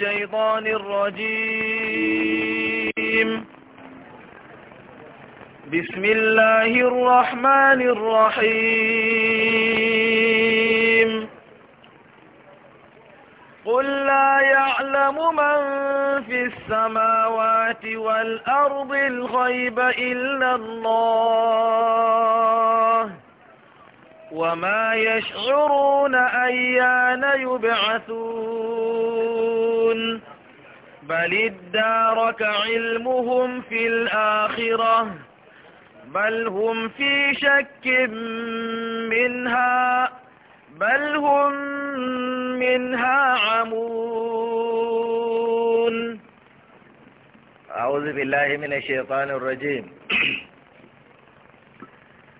الشيطان الرجيم بسم الله الرحمن الرحيم قل لا يعلم من في السماوات والأرض الغيب إلا الله وما يشعرون أيان يبعثون بل ادارك علمهم في الآخرة بل هم في شك منها بل هم منها عمون أعوذ بالله من الشيطان الرجيم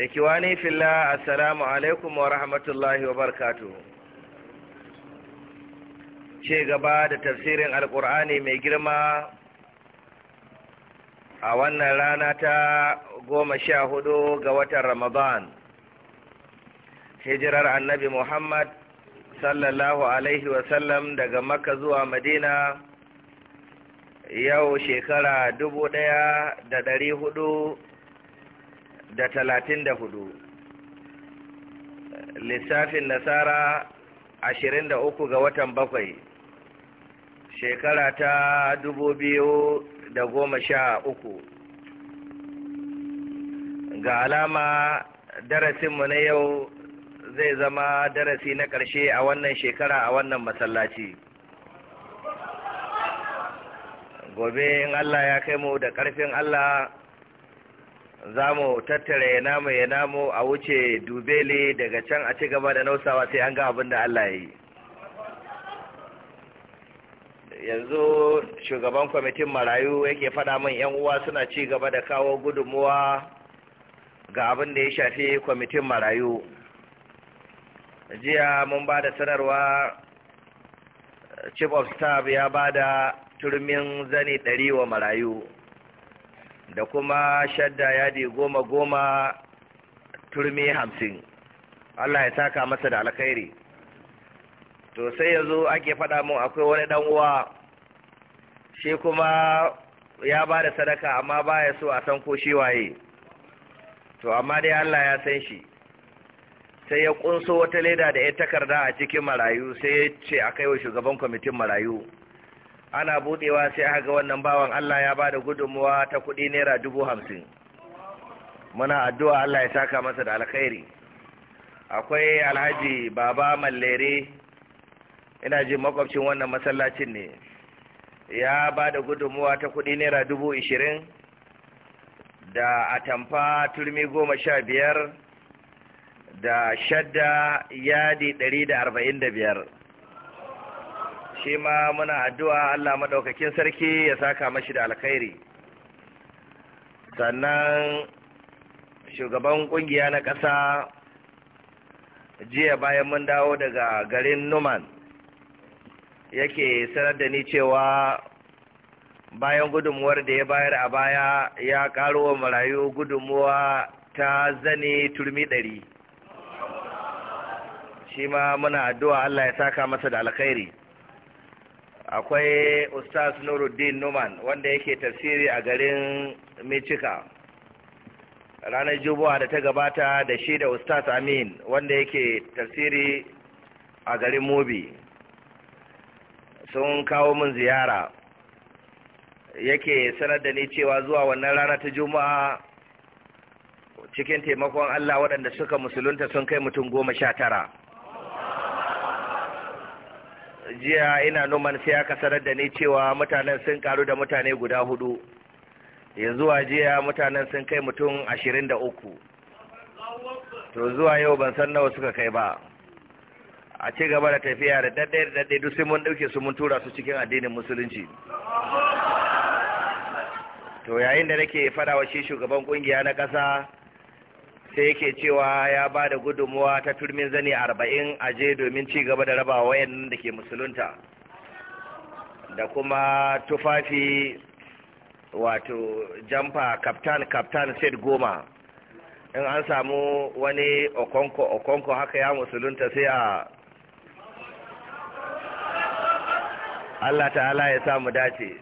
ikiwani filla assalamu alaikum wa rahmatullahi wa barakatuhu ce gaba da tafsirin Alƙur'ani mai girma a wannan rana ta goma sha hudu ga watan ramadan hijirar annabi muhammad sallallahu alaihi wasallam daga makka zuwa madina yau shekara dubu ɗaya da dari hudu da talatin da hudu lissafin nasara ashirin da uku ga watan bakwai shekara ta dubu biyu da goma sha uku ga alama darasinmu na yau zai zama darasi na ƙarshe a wannan shekara a wannan masallaci gobe in Allah ya kai mu da ƙarfin Allah za mu tattara ya namu ya namu a wuce dubele daga can a cigaba da nausawa sai an ga abin da Allah yi yanzu shugaban kwamitin marayu yake fada min yan uwa suna ci gaba da kawo gudunmuwa ga abin da ya shafi kwamitin marayu jiya mun ba da sanarwa chief of staff ya ba da turmin zane ɗari wa marayu da kuma shadda yadi goma goma turmi hamsin Allah ya saka masa da alkhairi to sai yanzu ake faɗa mun akwai wani dan uwa shi kuma ya ba da sadaka amma ba ya so a san ko shi waye to amma dai Allah ya san shi sai ya kunso wata leda da ya takarda a cikin marayu sai ya ce a wa shugaban kwamitin marayu ana budewa sai aka ga wannan bawan Allah ya bada gudunmuwa ta kudi naira dubu hamsin muna addu'a Allah ya saka masa da alkhairi akwai alhaji baba mallere ina jin makwabcin wannan masallacin ne ya ba da gudunmuwa ta kudi naira dubu ishirin da atamfa turmi goma sha biyar da shadda yadi ɗari da arba'in da biyar shi ma muna addu'a Allah maɗaukakin sarki ya saka mashi da alkhairi sannan shugaban ƙungiya na ƙasa jiya bayan mun dawo daga garin numan yake sanar da ni cewa bayan gudunmuwar da ya bayar a baya ya ƙaro wa marayu gudunmuwa ta zane turmi ɗari shi ma muna addu'a Allah ya saka masa da alkhairi akwai ustaz nuruddin numan wanda yake tafsiri a garin michika ranar jubuwa da ta gabata da shi da ustaz amin wanda yake tafsiri a garin mobi sun kawo min ziyara yake sanar da ni cewa zuwa wannan rana ta juma'a cikin taimakon allah waɗanda suka musulunta sun kai mutum goma sha tara jiya ina numan sai aka sanar da ni cewa mutanen sun karu da mutane guda hudu yanzu a jiya mutanen sun kai mutum ashirin da uku to zuwa yau ban san nawa suka kai ba a ci gaba da tafiya da daɗe da daɗe duk sai mun ɗauke su mun tura su cikin addinin musulunci to yayin da nake fada wa shi shugaban ƙungiya na kasa. sai yake cewa ya ba da gudunmuwa ta turmin zane arba'in aje domin ci gaba da raba wayan da ke musulunta da kuma tufafi wato jamfa kaftan kaftan set goma in an samu wani okonko okonko haka ya musulunta sai a Allah ta'ala ya samu dace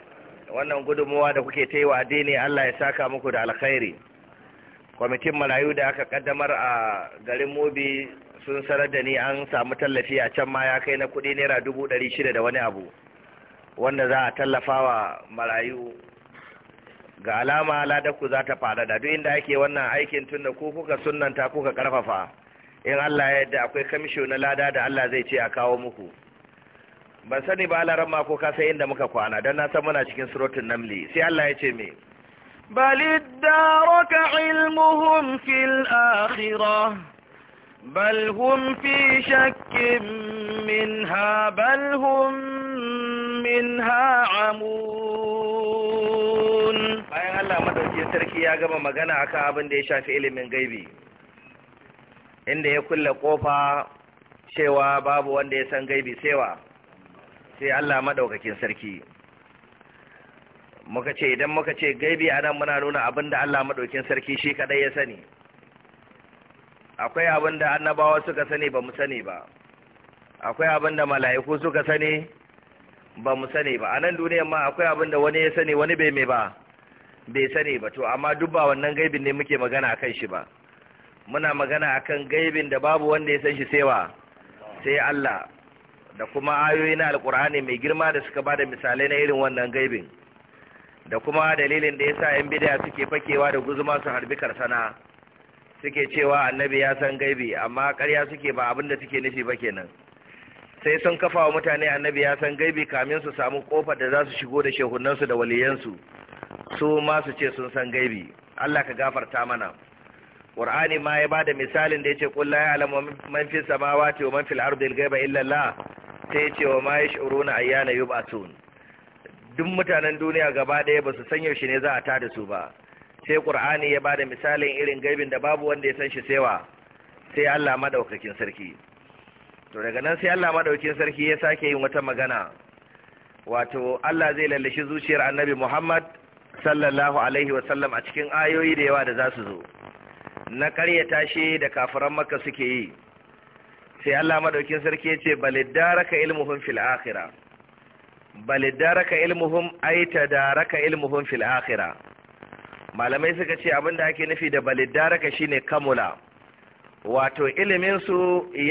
wannan gudunmuwa da kuke ta yi wa addini Allah ya saka muku da alkhairi kwamitin marayu da aka kaddamar a garin mobi sun sanar da ni an samu tallafi a can ma ya kai na kudi naira dubu ɗari shida da wani abu wanda za a tallafa wa marayu ga alama ladakku za ta da duk inda ake wannan aikin tun da kuka sunanta kuka karfafa in Allah ya yadda akwai kamisho na lada da Allah zai ce a kawo muku ban sani ba alaran ma ko ka sai inda muka kwana don na san muna cikin surutun namli sai Allah ya ce me بل ادارك علمهم في الآخرة بل هم في شك منها بل هم منها عمون bayan Allah madaukakin sarki ya gama magana a akan abin da ya shafi ilimin gaibi inda ya kulle kofa cewa babu wanda ya san gaibi sewa sai Allah madaukakin sarki muka ce idan muka ce gaibi a nan muna nuna abin da Allah maɗaukin sarki shi kaɗai ya sani akwai abin da annabawa suka sani ba mu sani ba akwai abin da mala'iku suka sani ba mu sani ba a nan duniyar ma akwai abin da wani ya sani wani bai mai ba bai sani ba to amma duk ba wannan gaibin ne muke magana akan shi ba muna magana akan gaibin da babu wanda ya san shi sai wa sai Allah da kuma ayoyi na alkur'ani mai girma da suka bada misalai na irin wannan gaibin da kuma dalilin da ya sa yan bid'a suke fakewa da guzuma su harbi karsana suke cewa annabi ya san gaibi amma karya suke ba abinda suke nufi ba kenan sai sun kafa wa mutane annabi ya san gaibi kamin su samu kofar da za su shigo da shehunansu da waliyansu su ma su ce sun san gaibi Allah ka gafarta mana Qur'ani ma ya bada misalin da yace qul la ya'lamu man fis samawati wa man fil ardi al-ghaiba illa Allah sai ce wa ma yash'uruna ayyana yub'atun duk mutanen duniya gaba ɗaya ba su san yaushe ne za a da su ba sai Ƙur'ani ya ba da misalin irin gaibin da babu wanda ya san shi sewa sai Allah madaukakin sarki to daga nan sai Allah madaukakin sarki ya sake yin wata magana wato Allah zai lallashi zuciyar Annabi Muhammad sallallahu alaihi wa a cikin ayoyi da yawa da za su zo na karyata shi da kafiran Makka suke yi sai Allah madaukakin sarki ya ce baliddaraka ilmuhum fil akhirah bal daraka ilmuhum ay tadaraka ilmuhum fil akhirah malamai suka ce abin da ake nufi da bal daraka shine kamula wato ilimin su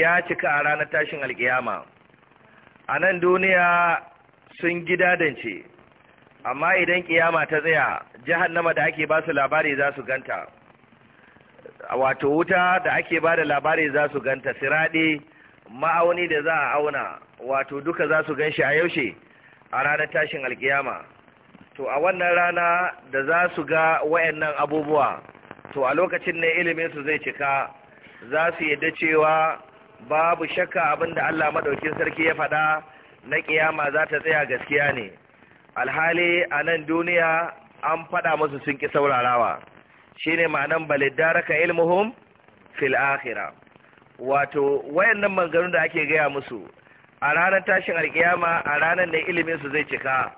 ya cika a ranar tashin alkiyama a nan duniya sun gidadance amma idan kiyama ta tsaya jahannama da ake ba su labari za su ganta wato wuta da ake ba da labari za su ganta siradi. ma'auni da za a auna wato duka za su gan a yaushe a ranar tashin alkiyama to a wannan rana da za su ga wayannan abubuwa to a lokacin ne ilimin su zai cika za su yadda cewa babu shakka abinda Allah madaukin sarki ya faɗa na kiyama za ta tsaya gaskiya ne alhali a nan duniya an faɗa musu sun ki saurarawa shine ma'anan baliddaraka ilmuhum fil akhirah wato wayannan maganganun da ake gaya musu a ranar tashin alkiyama a ranar da ilimin su zai cika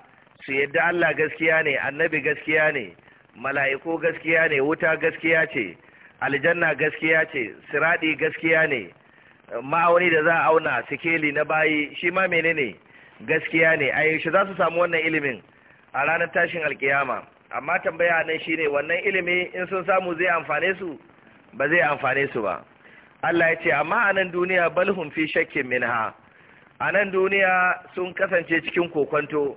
su yadda Allah gaskiya ne annabi gaskiya ne mala'iku gaskiya ne wuta gaskiya ce aljanna gaskiya ce siradi gaskiya ne ma'auni da za a auna sikeli na bayi shi ma menene gaskiya ne a yaushe za su samu wannan ilimin a ranar tashin alkiyama amma tambaya nan shine wannan ilimi in sun samu zai amfane su ba zai amfane su ba Allah ya ce amma a nan duniya balhum fi shakkin minha a nan duniya sun kasance cikin kokonto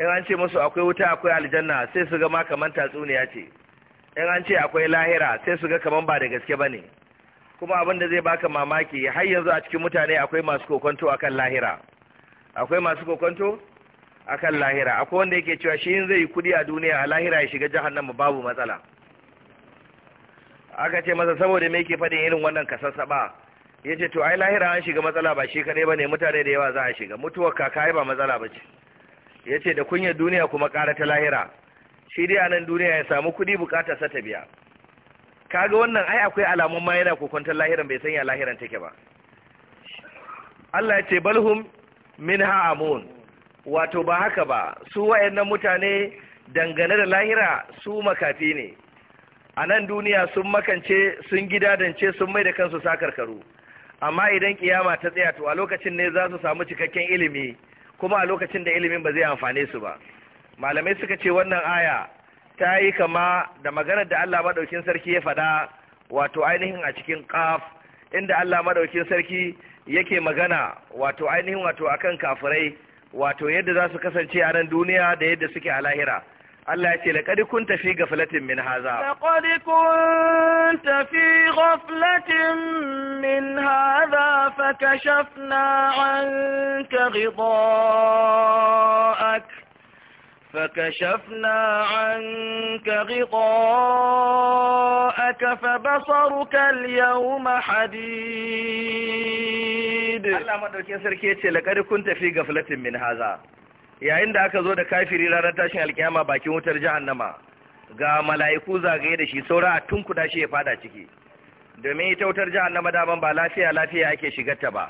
in an ce musu akwai wuta akwai aljanna sai su ga ma kamar tatsuniya ce in an ce akwai lahira sai su ga kamar ba da gaske ba ne, kuma abin da zai baka mamaki har yanzu a cikin mutane akwai masu kokonto akan lahira akwai masu kokonto akan lahira akwai wanda yake cewa shi in zai yi kudi a duniya a lahira ya shiga jahannama babu matsala aka ce masa saboda me yake faɗin irin wannan kasassaba ya ce to ai lahira an shiga matsala ba shi kaɗai ba ne mutane da yawa za a shiga mutuwar kaka ba matsala ba ce ya ce da kunyar duniya kuma ƙara ta lahira shi dai a nan duniya ya samu kuɗi bukatar sa ta biya kaga wannan ai akwai alamun ma yana kokwantar lahiran bai sanya lahiran take ba Allah ya ce balhum minha amun wato ba haka ba su wayannan mutane dangane da lahira su makafi ne a nan duniya sun makance sun gidadance sun mai da kansu sakarkaru amma idan kiyama ta tsaya to a lokacin ne za su samu cikakken ilimi kuma a lokacin da ilimin ba zai amfane su ba malamai suka ce wannan aya ta yi kama da maganar da Allah madaukin sarki ya faɗa wato ainihin a cikin qaf inda Allah madaukin sarki yake magana wato ainihin wato akan kafirai wato yadda za su kasance a nan duniya da yadda suke a lahira Allah ya ce laqad kunta fi ghaflatin min hadha laqad kunta fi ghaflatin min hadha fakashafna 'anka ghidha'ak فكشفنا عنك غطاءك فبصرك اليوم حديد الله ما دوكين سركي yace laqad kunta fi ghaflatin min hadha yayin da aka zo da kafiri ranar tashin alkiyama bakin wutar jahannama ga mala'iku zagaye da shi saura a tunkuda shi ya fada ciki domin ita wutar jahannama daman ba lafiya lafiya ake shigar ta ba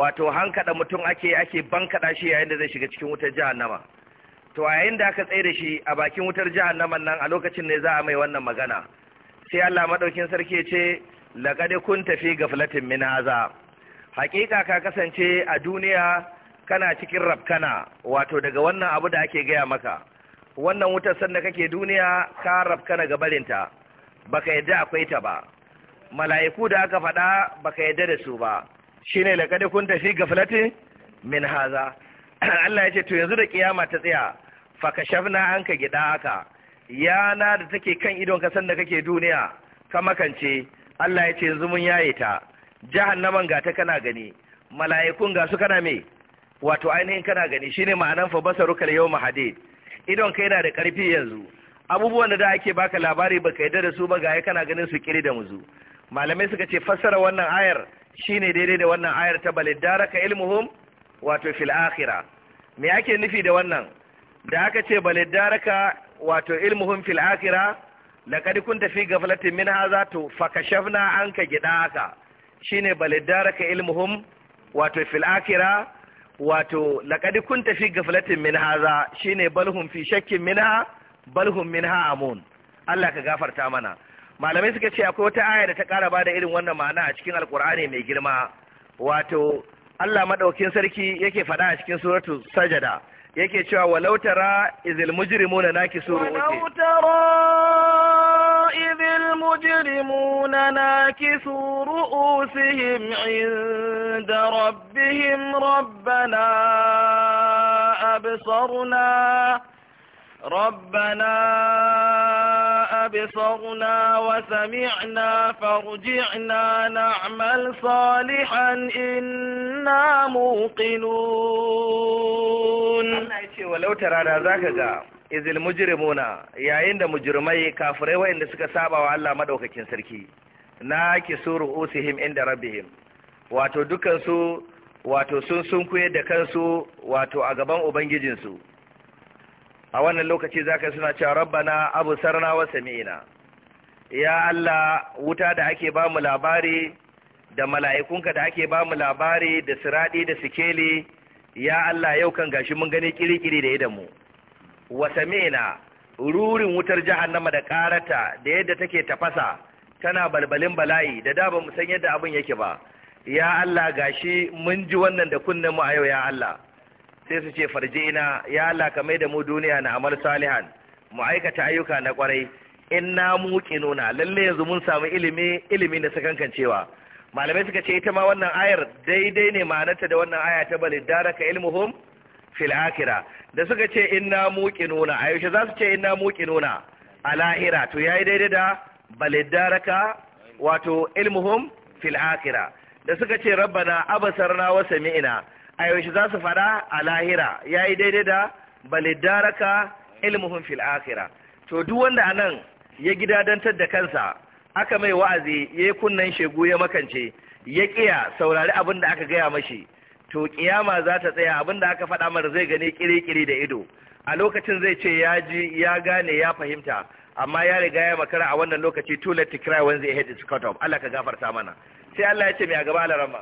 wato hankada mutum ake ake bankada shi yayin da zai shiga cikin wutar jahannama to yayin da aka tsaye da shi a bakin wutar jahannama nan a lokacin ne za a mai wannan magana sai Allah madaukin sarki ya ce laqad kunta fi ghaflatin min haza hakika ka kasance a duniya kana cikin rafkana wato daga wannan abu da ake gaya maka wannan wutar sanda kake duniya ka rafkana ga barinta baka yadda akwai ta ba mala'iku da aka faɗa baka yadda da su ba shine laqad kun tafi gaflatin min haza Allah ya ce to yanzu da kiyama ta tsaya an ka gida haka yana da take kan idon ka sanda kake duniya ka makance Allah ya ce yanzu mun yaye ta jahannaman ga ta kana gani mala'ikun ga su kana me wato ainihin kana gani shine ma'anan fa basaruka al-yawma hadid idon kai yana da karfi yanzu abubuwan da da ake baka labari baka yadda da su ba ga kana ganin su kiri da muzu malamai suka ce fassara wannan ayar shine daidai da wannan ayar ta balidaraka ilmuhum wato fil akhirah me ake nufi da wannan da aka ce balidaraka wato ilmuhum fil akhirah laqad kunta fi ghaflatin min hadha to fakashafna anka gidaka shine balidaraka ilmuhum wato fil akhirah wato laqad kun tafi filatin min haza shine balhun fi shakkin balhun min ha amun Allah ka gafarta mana malamai suka ce akwai wata aya da ta kara bada irin wannan ma'ana a cikin alkur'ani mai girma wato Allah maɗaukin sarki yake faɗa a cikin suratu sajada yake cewa walau tara izil mujrimuna nakisu ru'usi المجرمون ناكثوا رؤوسهم عند ربهم ربنا أبصرنا ربنا أبصرنا وسمعنا فارجعنا نعمل صالحا إنا موقنون ذاك izil mujrimuna yayin da mujrimai kafirai wayanda suka saba wa Allah madaukakin sarki na kisuru usihim inda rabbihim wato dukan su wato sun sunkuye da kansu wato a gaban ubangijin su a wannan lokaci zaka suna cewa rabbana absarna wa sami'na ya Allah wuta da ake ba mu labari da mala'ikunka da ake ba mu labari da siradi da sikeli ya Allah yau kan gashi mun gani kirikiri da idanmu mu wata mena rurin wutar jahannama da karata da yadda take tafasa tana balbalin bala'i da da ba mu san yadda abin yake ba ya Allah gashi mun ji wannan da kunnen mu a yau ya Allah sai su ce farjina ya Allah ka da mu duniya na amal salihan mu aikata ayyuka na kwarai inna muqinuna lalle yanzu mun samu ilimi ilimi da cewa. malamai suka ce ita ma wannan ayar daidai ne ma'anarta da wannan aya ta balidaraka daraka ilmuhum fil akhirah da suka ce muƙi nuna a yaushe za su ce muƙi nuna a lahira to ya yi daidai da balidaraka wato ilmuhum fil akira da suka ce rabbana abasarna wa sami'na a yaushe za su fada a lahira yi daidai da balidaraka ilmuhum fil akira to duk wanda a nan ya gida gidadantar da kansa aka mai wa'azi ya yi kunnan shegu ya makance ya ƙiya saurari abin da aka gaya mashi to kiyama za ta tsaya abinda aka faɗa mara zai gani kiri da ido a lokacin zai ce ya ji ya gane ya fahimta amma ya riga ya makara a wannan lokaci to Let to cry when the head is cut off Allah ka gafarta mana sai Allah ya ce mai a gaba alarama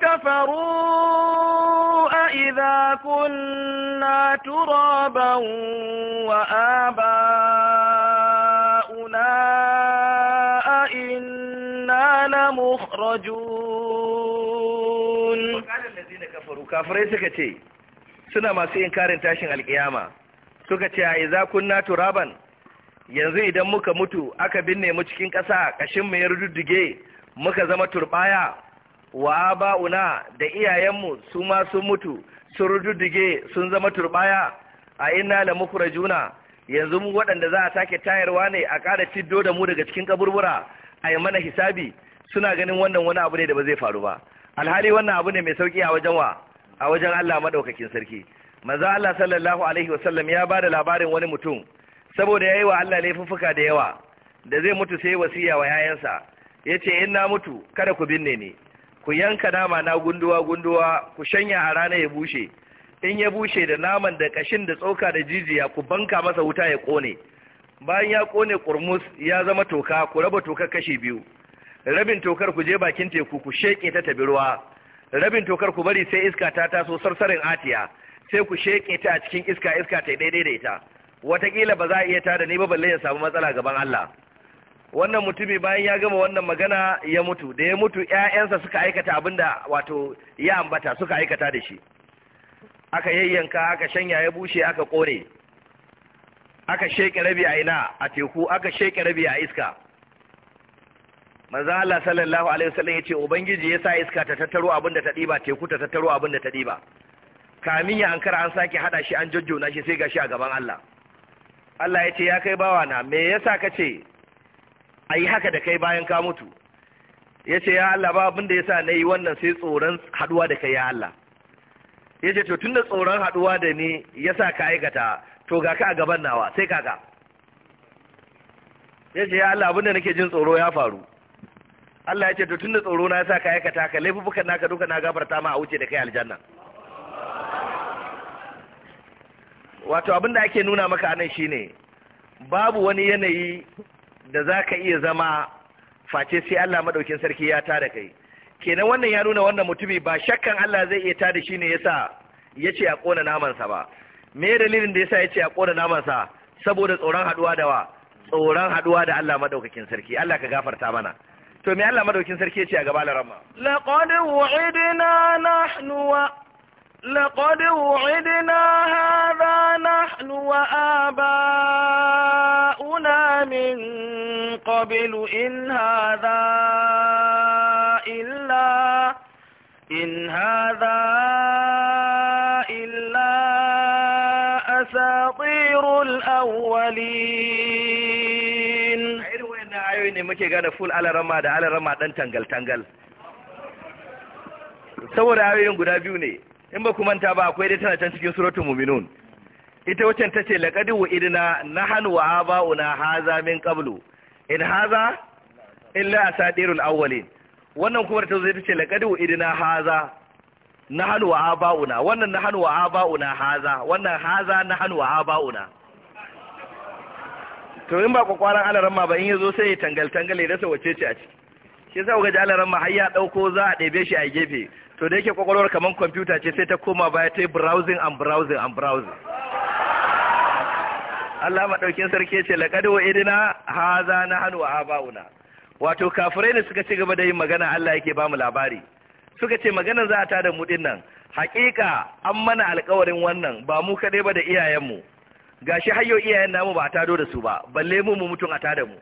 kafaru a idha kunna turaban wa وآباؤنا لمخرجون kafirai suka ce suna masu inkarin tashin alkiyama suka ce a iza kunna turaban yanzu idan muka mutu aka binne mu cikin ƙasa ƙashin mu ya rududdige muka zama turbaya wa ba'una da iyayenmu su ma sun mutu sun rududdige sun zama turbaya a inna mukura juna yanzu mu waɗanda za a sake tayarwa ne a ƙara ciddo da mu daga cikin kaburbura a yi mana hisabi suna ganin wannan wani abu ne da ba zai faru ba alhali wannan abu ne mai sauki a wajen wa a wajen Allah madaukakin sarki manzo Allah sallallahu alaihi wasallam ya bada labarin wani mutum saboda yayi wa Allah laifuka da yawa da zai mutu sai wasiya wa yayansa yace in na mutu kada ku binne ni ku yanka nama na gunduwa gunduwa ku shanya a rana ya bushe in ya bushe da naman da kashin da tsoka da jijiya ku banka masa wuta ya kone bayan ya kone kurmus ya zama toka ku raba toka kashi biyu rabin tokar ku je bakin teku ku sheke ta tabi ruwa rabin tokar ku bari sai iska ta taso sarsarin atiya sai ku sheke ta a cikin iska iska ta daidai da ita watakila ba za a iya tada ni ba balle ya samu matsala gaban Allah wannan mutumi bayan ya gama wannan magana ya mutu da ya mutu ƴaƴansa suka aikata abinda wato ya ambata suka aikata da shi aka yayyanka aka shanya ya bushe aka kore aka sheke rabi a ina a teku aka sheke rabi a iska manzo Allah sallallahu alaihi wasallam yace ubangiji yasa iska ta tattaro abinda ta diba teku ta tattaro abinda ta diba kamin ya ankara an sake hada shi an jojjona shi sai gashi a gaban Allah Allah yace ya kai bawa na me yasa kace ayi haka da kai bayan ka mutu yace ya Allah ba abinda yasa nayi wannan sai tsoron haduwa da kai ya Allah yace to tunda tsoron haduwa da ni yasa ka aikata to ga ka a gaban nawa sai kaka yace ya Allah abinda nake jin tsoro ya faru Allah ya ce to tunda tsoro na sa ka aikata ka laifukan naka duka na gafarta ma a wuce da kai aljanna wato abin da ake nuna maka anan shine babu wani yanayi da zaka iya zama face sai Allah madaukin sarki ya tada kai kenan wannan ya nuna wannan mutumi ba shakkan Allah zai iya tada shi ne yasa yace a kona naman sa ba me dalilin da yasa yace a kona naman sa saboda tsoron haduwa da wa tsoron haduwa da Allah madaukakin sarki Allah ka gafarta mana to me Allah madaukin sarki yace a gaba larama laqad wu'idna nahnu wa laqad wu'idna hadha nahnu wa aba'una min qablu in hadha illa in hadha illa asatirul awwalin ayoyi ne muke gane full alarama da alarama dan tangal-tangal saboda ayoyin guda biyu ne in ba manta ba akwai dai tana can cikin suratul muminun ita waccan ta ce laƙadi wa idina na hannu wa aba'una haza min ƙablu in haza illa a saɗirul awwalin wannan kuma da ta zo ta ce laƙadi wa idina haza na hannu wa aba'una wannan na hannu wa aba'una haza wannan haza na hannu wa aba'una to in ba kwakwaran alaran ma ba in yazo sai ya tangal tangal ya rasa wace ce a ciki shi yasa kuka ji alaran ma har ya dauko za a ɗebe shi a gefe to da yake kwakwalwar kamar kwamfuta ce sai ta koma baya ta yi browsing and browsing and browsing Allah maɗaukin sarki ce laƙadu wa idina haza na hannu a haba'una wato kafirai ne suka ci gaba da yin magana Allah yake ba mu labari suka ce magana za ta da mu nan haƙiƙa an mana alƙawarin wannan ba mu kaɗai ba da iyayenmu Ga shi hayyo iyayen namu ba a tado da su ba balle mu mu mutum a tada mu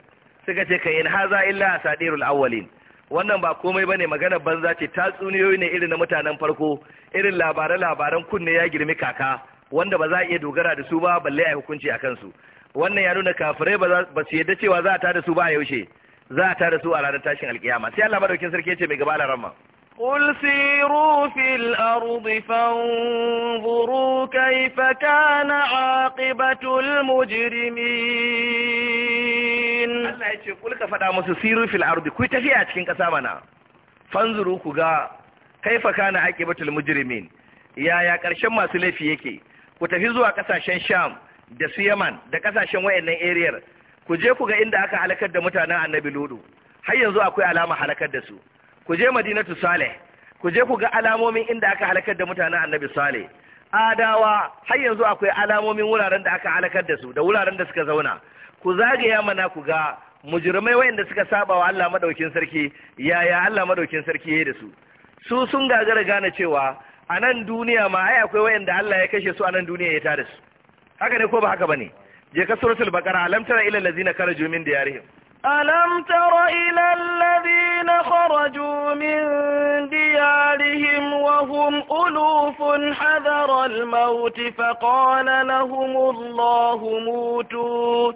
suka ce kai in haza illa asadirul awwalin wannan ba komai bane magana banza ce tatsuniyoyi ne irin na mutanen farko irin labaran labaran kunne ya girmi kaka wanda ba za a iya dogara da su ba balle a hukunci a kansu wannan ya nuna kafirai ba su yadda cewa za a tada su ba yaushe za a tada su a ranar tashin alkiyama sai Allah madaukin sarki ya ce mai gaba da rama قل سيروا في الأرض فانظروا كيف كان عاقبة المجرمين الله يتشي قل كفتا مسو سيروا في الأرض كوي تفيات كنك سامنا فانظروا كغا كيف كان عاقبة المجرمين يا يا كرشم ما سلفي يكي ku tafi zuwa kasashen sham da su yaman da kasashen wayannan eriyar ku je ku ga inda aka halakar da mutanen annabi ludu har yanzu akwai alama halakar da su ku je madinatu saleh ku je ku ga alamomin inda aka halakar da mutanen annabi saleh adawa har yanzu akwai alamomin wuraren da aka halakar da su da wuraren da suka zauna ku zagaya mana ku ga mujrimai wayanda suka saba wa Allah madaukin sarki yaya Allah madaukin sarki yayi da su su sun gagara gane cewa a nan duniya ma ai akwai wayanda Allah ya kashe su a nan duniya ya tada su haka ne ko ba haka bane je ka suratul baqara alam tara ila allazina kharaju min diyarihim ألم تر إلى الذين خرجوا من ديارهم وهم ألوف حذر الموت فقال لهم الله موتوا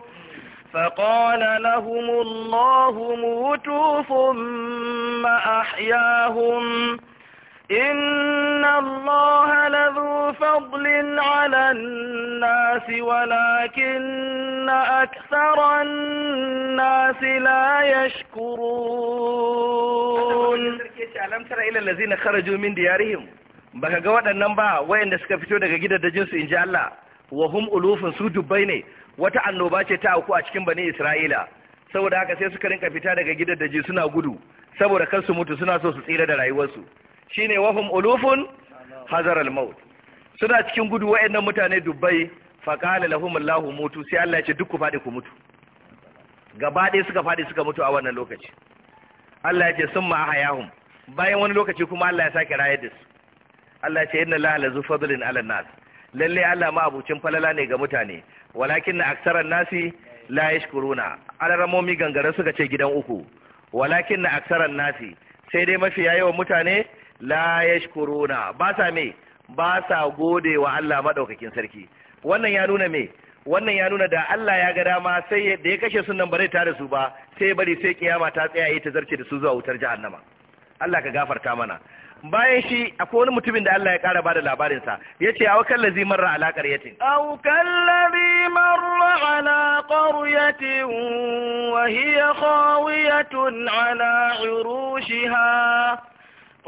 فقال لهم الله موتوا ثم أحياهم إن الله لذو فضل على الناس ولكن أكثر الناس لا يشكرون ألم ترى إلى الذين خرجوا من ديارهم baka ga waɗannan ba wayanda suka fito daga gidajen su inji Allah wa hum ulufun su dubbai ne wata annoba ce ta auku a cikin bani Isra'ila saboda haka sai suka rinka fita daga gidajen suna gudu saboda kar su mutu suna so su tsira da rayuwarsu shine wahum ulufun hazar al-maut suna cikin gudu waɗannan mutane dubbai faqala lahum Allah mutu sai Allah ya ce duk ku fadi ku mutu gaba ɗaya suka faɗi suka mutu a wannan lokaci Allah ya ce summa ahayahum bayan wani lokaci kuma Allah ya sake rayar da su Allah ya ce inna la la fadlin ala nas lalle Allah ma abucin falala ne ga mutane walakin aksaran nasi la yashkuruna alaramomi suka ce gidan uku walakinna aksaran nasi sai dai mafi yawan mutane la yashkuruna ba sa me ba sa gode wa Allah madaukakin sarki wannan ya nuna me wannan ya nuna da Allah ya ga dama sai da ya kashe sunan bare ta da su ba sai bari sai kiyama ta tsaya yi ta zarce da su zuwa wutar jahannama Allah ka gafarta mana bayan shi akwai wani mutumin da Allah ya kara bada labarin sa yace aw kallazi marra ala qaryatin aw kallazi marra ala qaryatin wa hiya khawiyatun ala urushiha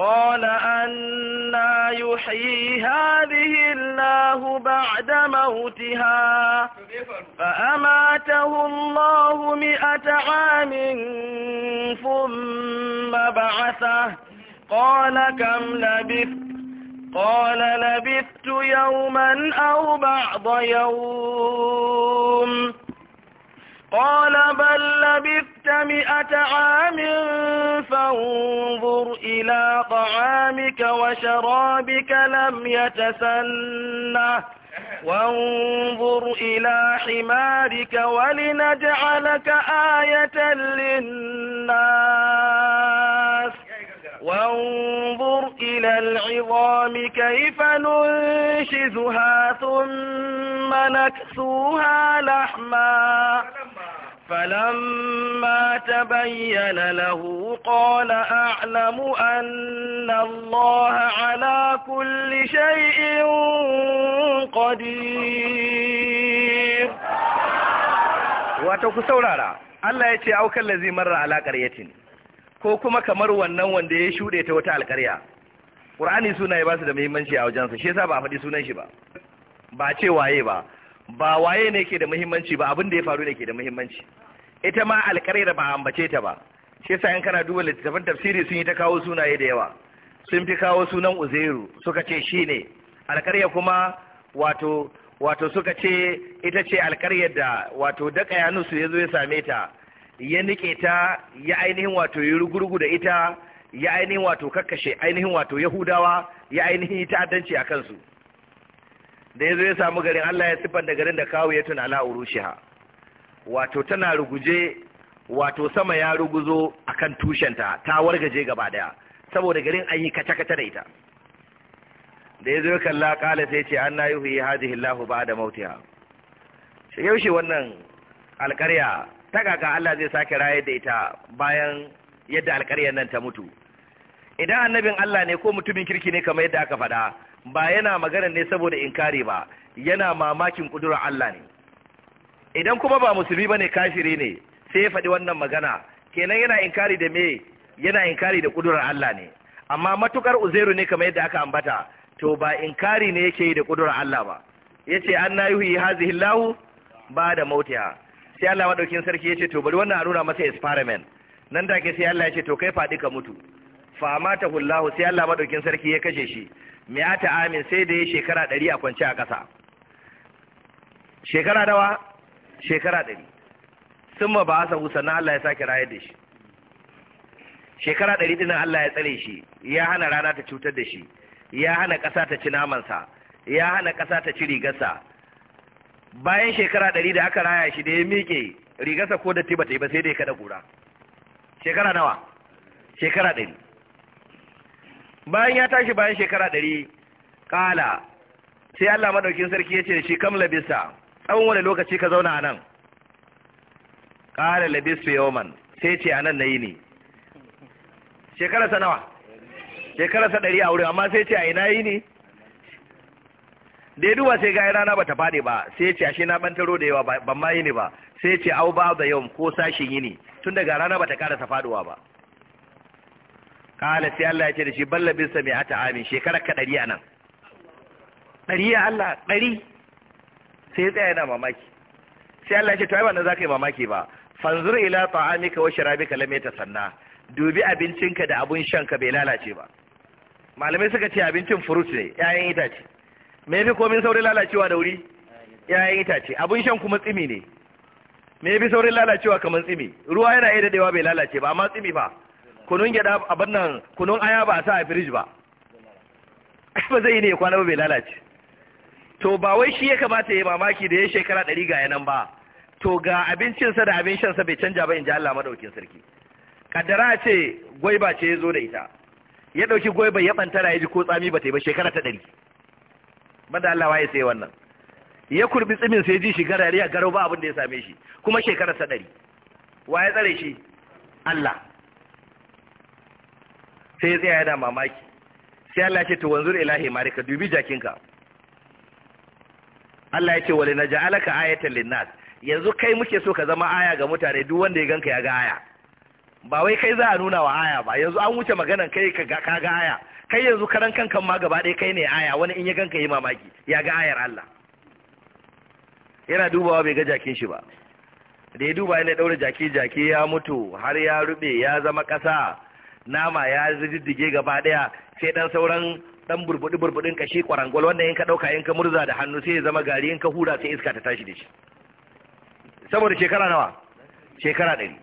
قال أنا يحيي هذه الله بعد موتها فأماته الله مئة عام ثم بعثه قال كم لبثت قال لبثت يوما أو بعض يوم قال بل لبثت مئة عام فانظر إلى طعامك وشرابك لم يتسنه وانظر إلى حمارك ولنجعلك آية للناس وانظر إلى العظام كيف ننشزها ثم نكسوها لحماً فلما تبين له قال أعلم أن الله على كل شيء قدير واتوكو سورارا Allah ya ce aukan lazi marar alaƙar ko kuma kamar wannan wanda ya shuɗe ta wata alƙarya ƙur'ani suna ya ba su da muhimmanci a wajensa shi yasa ba a faɗi sunan shi ba ba ce waye ba ba waye ne ke da muhimmanci ba abin da ya faru ne ke da muhimmanci ita ma alƙaryar ba ambace ta ba shi yasa in kana duba littattafan tafsiri sun yi ta kawo sunaye da yawa sun fi kawo sunan uzairu suka ce shi ne alƙarya kuma wato wato suka ce ita ce alƙaryar da wato daka yanusu ya zo ya same ta ya nike ta ya ainihin wato ya rugurgu da ita ya ainihin wato kakkashe ainihin wato yahudawa ya ainihin ta'addanci a kansu da ya zo ya samu garin Allah ya da garin da kawo ya tuna ala urushiha wato tana ruguje wato sama ya ruguzo kan tushenta ta wargaje gaba daya saboda garin an yi kace-kace da ita da ya zo kalla kala sai ce an nayi huyi hadihi Allahu ba da mautiha shi yaushe wannan alƙarya ta kaka Allah zai sake rayar da ita bayan yadda alƙaryar nan ta mutu idan annabin Allah ne ko mutumin kirki ne kamar yadda aka faɗa ba yana magana ne saboda inkari ba yana mamakin kudura Allah ne idan kuma ba musulmi bane kafiri ne sai ya faɗi wannan magana kenan yana inkari da me yana inkari da kudurar Allah ne amma matukar uzairu ne kamar yadda aka ambata to ba inkari ne yake yi da kudurar Allah ba yace anna yuhi hazihi Allahu ba da mautiya sai Allah madaukin sarki yace to bari wannan a nuna masa experiment nan da ke sai Allah yace to kai faɗi ka mutu fa mata hullahu sai Allah madaukin sarki ya kashe shi mi'ata amin sai da ya shekara ɗari a kwance a ƙasa shekara dawa shekara ɗari sun ma ba a sahu sannan Allah ya sake rayar da shi shekara ɗari dinan Allah ya tsare shi ya hana rana ta cutar da shi ya hana ƙasa ta ci sa, ya hana ƙasa ta ci rigarsa bayan shekara ɗari da aka raya shi da ya miƙe rigarsa ko da tiba ba sai da ya kaɗa ƙura shekara nawa shekara ɗari bayan ya tashi bayan shekara ɗari ƙala sai Allah maɗaukin sarki ya ce da shi kam labisa tsawon wani lokaci ka zauna a nan ƙala labis fi yawman sai ce a nan na yi ne sa nawa sa ɗari a wuri amma sai ce a ina yi ne da ya duba sai gaya rana ba ta faɗi ba sai ce a shi na ɓantaro da yawa ban ma yi ne ba sai ce au ba da yau ko sashin yi ne tun daga rana ba ta ƙarasa faɗuwa ba kala sai Allah ya ce da shi balla bin sa mai ata amin shekarar ka ɗari a nan ɗari ya Allah ɗari sai ya tsaya yana mamaki sai Allah ya ce to ai wannan za ka yi mamaki ba fanzur ila ta'amika wa sharabika lam yatasanna dubi abincinka da abun shanka bai lalace ba malamai suka ce abincin fruit ne 'ya'yan itace me yafi komin saurin lalacewa da wuri 'ya'yan itace abun shan kuma tsimi ne me yafi saurin lalacewa kamar tsimi ruwa yana iya dadewa bai lalace ba amma tsimi ba kunun gyada a bannan kunun aya ba a sa a firij ba ba zai yi ne kwana ba bai lalace to ba wai shi ya kamata ya yi mamaki da ya shekara ɗari ga yanan ba to ga abincinsa da abin shansa bai canja ba in ji Allah maɗaukin sarki kaddara ce gwaiba ce ya zo da ita ya ɗauki gwaiba ya ɓantara ya ji ko tsami ba ta yi ba shekara ta ɗari banda Allah waye sai wannan ya kurbi tsimin sai ji shi garari ya garo ba abin da ya same shi kuma shekara ta ɗari waye tsare shi Allah sai zai yana mamaki sai Allah ya ce to wanzur ilahi marika dubi jakinka Allah ya ce wali ja'alaka ayatan linnas yanzu kai muke so ka zama aya ga mutane duk wanda ya ganka ya ga aya ba wai kai za a nuna wa aya ba yanzu an wuce maganan kai ka ga ka ga aya kai yanzu karan kankan ma gaba ɗaya kai ne aya wani in ya ganka yi mamaki ya ga ayar Allah yana dubawa bai ga jakin shi ba da ya duba yana daura jaki jaki ya mutu har ya rube ya zama ƙasa nama ya riddige gaba daya sai dan sauran dan burbudi burbudin kashi kwarangwal wanda in ka dauka in murza da hannu sai ya zama gari in ka hura sai iska ta tashi da shi saboda shekara nawa shekara ɗari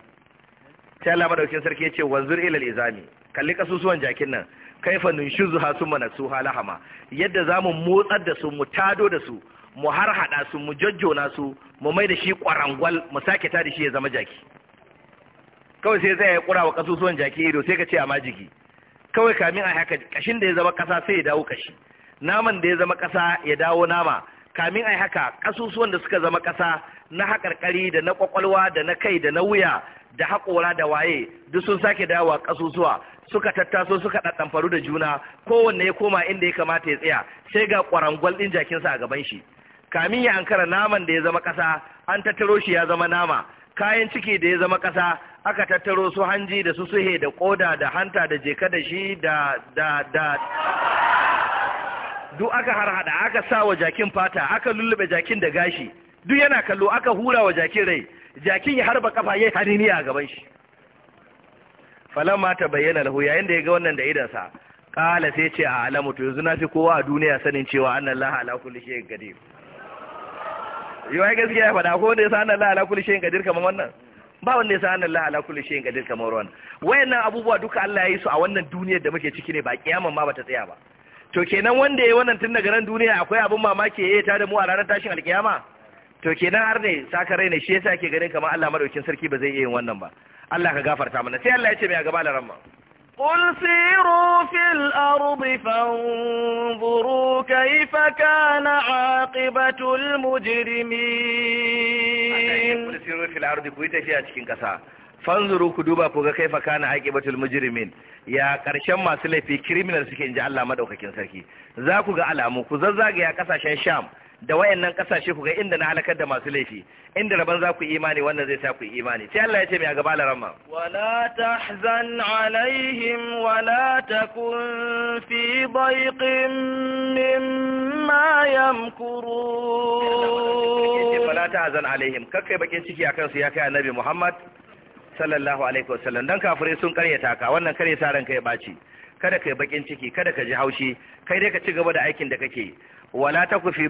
sai Allah madaukin sarki ya ce wanzur ilal izami kalli kasusuwan jakin nan kaifa nunshuzuha su su lahama yadda zamu motsar da su mu tado da su mu harhaɗa su mu jojjona su mu mai da shi kwarangwal mu sake ta da shi ya zama jaki kawai sai zai kura wa kasusuwan jaki ido sai ka ce a majiki kawai kamin a haka kashin da ya zama kasa sai ya dawo kashi naman da ya zama kasa ya dawo nama kamin a haka kasusuwan da suka zama kasa na hakarkari da na kwakwalwa da na kai da na wuya da haƙora da waye duk sun sake dawowa kasusuwa suka tattaso suka ɗaɗɗamfaru da juna kowanne ya koma inda ya kamata ya tsaya sai ga ƙwarangwal ɗin jakinsa a gaban shi kamin ya ankara naman da ya zama kasa an tattaro shi ya zama nama kayan ciki da ya zama kasa aka tattaro su hanji da su suhe da koda da hanta da jeka da shi da da da duk aka harhada aka sa wa jakin fata aka lullube jakin da gashi duk yana kallo aka hura wa jakin rai jakin ya harba kafa yayi haniniya a gaban shi falamma ta bayyana lahu yayin da ya ga wannan da idansa kala sai ce a alamu to yanzu na fi kowa a duniya sanin cewa annan laha ala kulli shay'in qadir yau ai gaskiya ya faɗa ko wanda ya san annan laha ala kulli shay'in qadir kamar wannan ba wanda ya san Allah ala kulli shay'in qadir kamar wannan wayannan abubuwa duka Allah ya yi su a wannan duniyar da muke ciki ne ba kiyaman ma bata tsaya ba to kenan wanda yayi wannan tun daga nan duniya akwai abin mamaki yi ta da mu a ranar tashin alkiyama to kenan har ne saka rai ne shi yasa ke ganin kamar Allah madaukin sarki ba zai iya yin wannan ba Allah ka gafarta mana sai Allah ya ce mai a gaba da ramma قل سيروا في الأرض فانظروا كيف كان عاقبة المجرمين قل سيروا في الأرض كويتا فيها تشكين كسا fanzuru ku duba ku ga kaifa kana aqibatul ya ƙarshen masu laifi criminal suke inji Allah maɗaukakin sarki za ku ga alamu ku zazzaga ya kasashen Sham da wayannan kasashe ku ga inda na halakar da masu laifi inda rabon za ku imani wannan zai sa ku imani sai Allah ya ce mai a gaba larama wala tahzan alaihim wala takun fi dayqin mimma yamkurun wala tahzan alaihim kakkai bakin ciki akan su ya kai annabi Muhammad sallallahu alaihi wasallam dan kafirai sun karyata ka wannan karya sa kai ya baci kada ka yi bakin ciki kada ka ji haushi kai dai ka ci gaba da aikin da kake wala ta fi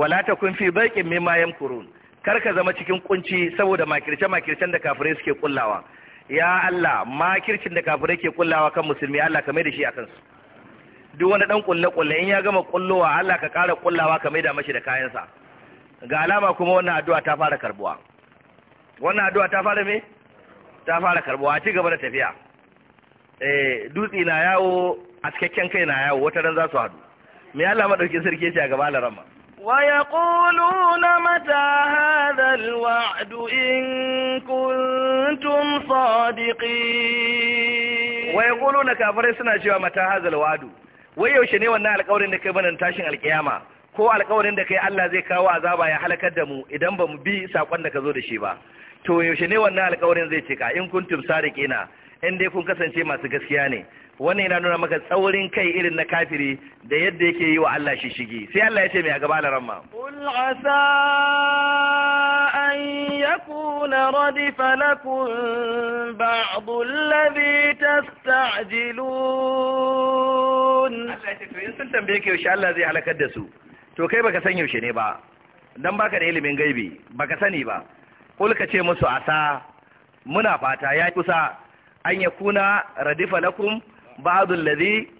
wala fi bakin mimma kurun kar ka zama cikin kunci saboda makirce makircen da kafirai suke kullawa ya Allah makircin da kafirai ke kullawa kan musulmi Allah ka mai da shi akan su duk wani dan kulle kulle in ya gama kullowa Allah ka ƙara kullawa ka mai da mashi da kayansa ga alama kuma wannan addu'a ta fara karbuwa wannan addu'a ta fara me ta fara karbuwa a ci gaba da tafiya Eh, dutse na yawo a cikakken kai na yawo wata ran za su haɗu me Allah madaukin sarki ya ce a gaba larama mata hadha هذا in kuntum sadiqin wa yaquluna كافرين suna cewa mata hadha wadu wai yaushe ne wannan alƙawarin da kai banan tashin alƙiyama ko alƙawarin da kai Allah zai kawo azaba ya halakar da mu idan ba mu bi sakon da ka zo da shi ba to yaushe ne wannan alƙawarin zai cika in kuntum sadiqina in dai kun kasance masu gaskiya ne wannan yana nuna maka tsaurin kai irin na kafiri da yadda yake yi wa Allah shi sai Allah ya ce mai a gaba da ramma qul asa an yakuna radifa lakum ba'd alladhi tasta'jilun Allah ya ce to in sun tambaye ka yaushe Allah zai halakar da su to kai baka san yaushe ne ba dan baka da ilimin gaibi baka sani ba qul ka ce musu asa muna fata ya kusa an ya kuna radifa lakum ba'd alladhi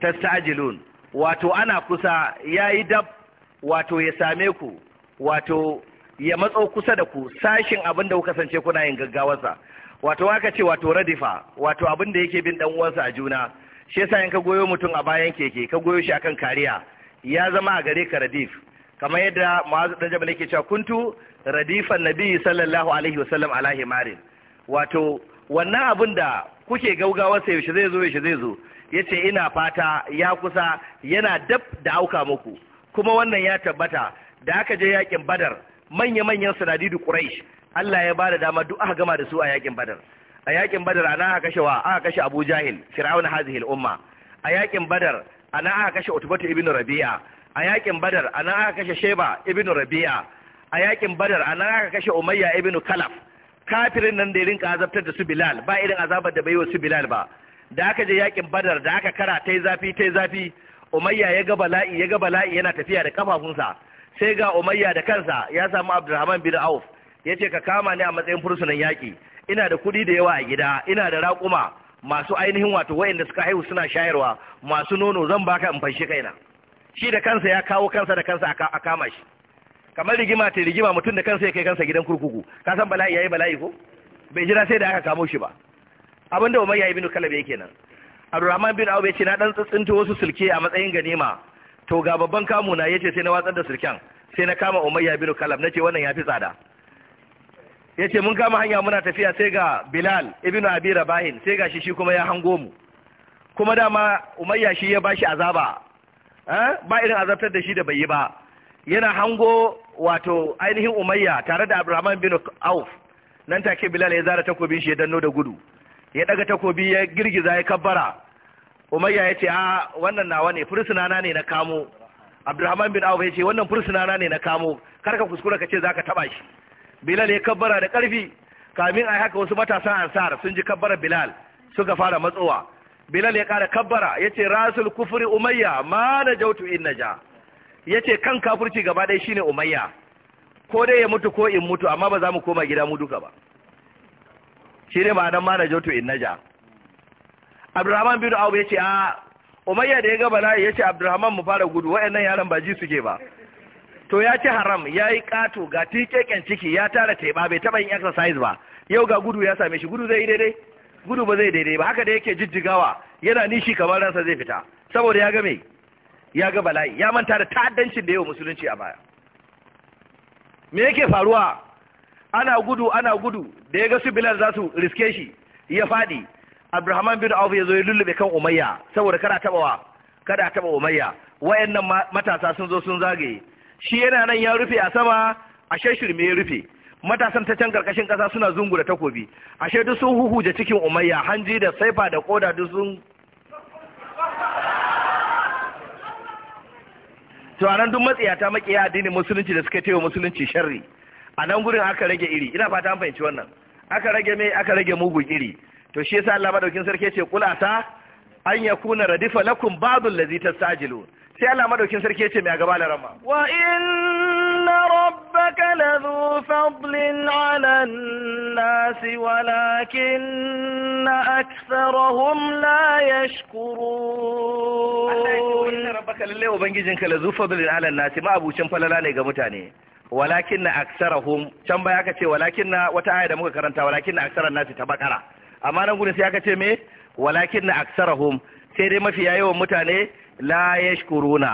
tastajilun wato ana kusa yayi dab wato ya same ku wato ya matso kusa da ku sashin abin da kuka sance kuna yin gaggawarsa wato aka ce wato radifa wato abin da yake bin dan uwansa a juna shi yasa in ka goyo mutum a bayan keke ka goyo shi akan kariya ya zama a gare ka radif kamar yadda ma'azu da jabal ke cewa kuntu radifan nabi sallallahu alaihi wasallam ala himarin wato wannan abin da kuke gaugawa sai yaushe zai zo yaushe zai zo ya ce ina fata ya kusa yana dab da auka muku kuma wannan ya tabbata da aka je yakin badar manya-manyan sanadidu quraish Allah ya bada dama duk aka gama da su a yakin badar a yakin badar ana aka kashe wa aka kashe Abu Jahil Fir'aun hazihi umma a yakin badar ana aka kashe Utbatu ibn Rabi'a a yakin badar ana aka kashe Sheba ibn Rabi'a a yakin badar ana aka kashe Umayya ibn Kalaf kafirin nan da ya rinka azabtar da su bilal ba irin azabar da bai yi wa su bilal ba da aka je yakin badar da aka kara ta zafi tai zafi umayya ya ga bala'i ya ga bala'i yana tafiya da kafafunsa sai ga umayya da kansa ya samu abdurrahman bin auf yace ka kama ni a matsayin fursunan yaki ina da kuɗi da yawa a gida ina da raƙuma masu ainihin wato wayanda suka haihu suna shayarwa masu nono zan baka in fanshi kaina shi da kansa ya kawo kansa da kansa a kama shi kamar rigima ta rigima mutum da kansa ya kai kansa gidan kurkuku ka san bala'i yayi bala'i ko bai jira sai da aka kamo shi ba abin da umayya ibn kalab yake nan abdurrahman bin awf ce na dan tsintsinto wasu sulke a matsayin ganima to ga babban kamu na yace sai na watsar da sulken sai na kama umayya ibn kalab nace wannan yafi tsada ce mun kama hanya muna tafiya sai ga bilal ibn abi rabahin sai gashi shi kuma ya hango mu kuma dama umayya shi ya bashi azaba eh? ba irin azabtar da shi da bai yi ba yana hango wato ainihin umayya tare da abraman bin auf nan take bilal ya zara takobin shi ya danno da gudu ya daga takobi ya girgiza ya kabbara umayya ya ce a wannan nawa ne fursunana ne na kamo abdurrahman bin auf ya ce wannan fursunana ne na kamo karka kuskura ka ce zaka taba shi bilal ya kabbara da karfi kamin ai haka wasu matasan ansar sun ji kabbara bilal suka fara matsowa bilal ya kara kabbara ya ce rasul kufri umayya ma jautu in naja ya ce kan kafurci gaba ɗaya shine umayya ko dai ya mutu ko in mutu amma ba za mu koma gida mu duka ba shi ne ma'anar ma na jotu in naja abdurrahman bin abu ya ce a umayya da ya ga bala'i ya ce abdurrahman mu fara gudu wa'annan yaran ba ji ke ba to ya ci haram ya yi ƙato ga tikeken ciki ya tara teɓa bai taɓa yin exercise ba yau ga gudu ya same shi gudu zai yi daidai gudu ba zai daidai ba haka da yake jijjigawa yana nishi kamar ransa zai fita saboda ya ga game ya ga bala'i ya manta da ta'addancin da yau musulunci a baya me yake faruwa ana gudu ana gudu da ya ga su bilal za su riske shi ya faɗi abrahaman bin auf ya zo ya lullube kan umayya saboda kada wa kada taba umayya wayannan matasa sun zo sun zagaye shi yana nan ya rufe a sama ashe me ya rufe matasan ta can karkashin kasa suna da takobi ashe duk sun huhuje cikin umayya hanji da saifa da koda duk sun to anan duk ta makiya addinin musulunci da suka tewa musulunci sharri a nan gurin aka rage iri ina fata an fahimci wannan aka rage mai aka rage mugun iri to shi yasa Allah madaukin sarki yace kula ta an yakuna radifa lakum ba'dul ladzi tastajilun sai Allah madaukin sarki yace mai gaba da rama wa in إن ربك لذو فضل على الناس ولكن أكثرهم لا يشكرون إن ربك لله وبنجزنك لذو فضل على الناس ما أبو شنفل لاني قمتاني walakin na aksarahum can baya aka ce walakin wata aya da muka karanta walakin na aksarar nasi ta bakara amma nan gudun sai aka ce me walakin na aksarahum sai dai mafiya yawan mutane la yashkuruna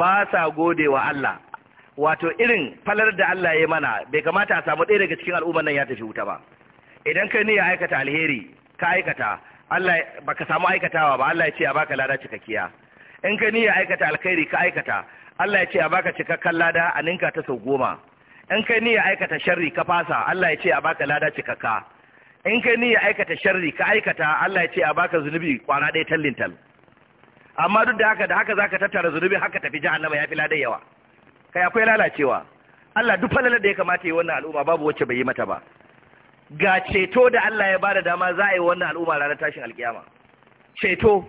ba sa gode wa Allah wato irin falar da Allah ya mana bai kamata a samu ɗaya daga cikin al'ummar nan ya tafi wuta ba idan kai ne ya aikata alheri ka aikata Allah baka samu aikatawa ba Allah ya ce a baka lada cikakkiya in kai ne ya aikata alkhairi ka aikata Allah ya ce a baka cikakken lada a ninka ta sau goma in kai ne ya aikata sharri ka fasa Allah ya ce a baka lada cikakka in kai ne ya aikata sharri ka aikata Allah ya ce a baka zunubi kwana ɗaya tallintal amma duk da haka da haka zaka tattara zunubi haka tafi jahannama ya fi lada yawa kai akwai lalacewa Allah duk falala da ya kamata yi wannan al'umma babu wacce bai yi mata ba ga ceto da Allah ya bada dama za a yi wannan al'umma ranar tashin alkiyama ceto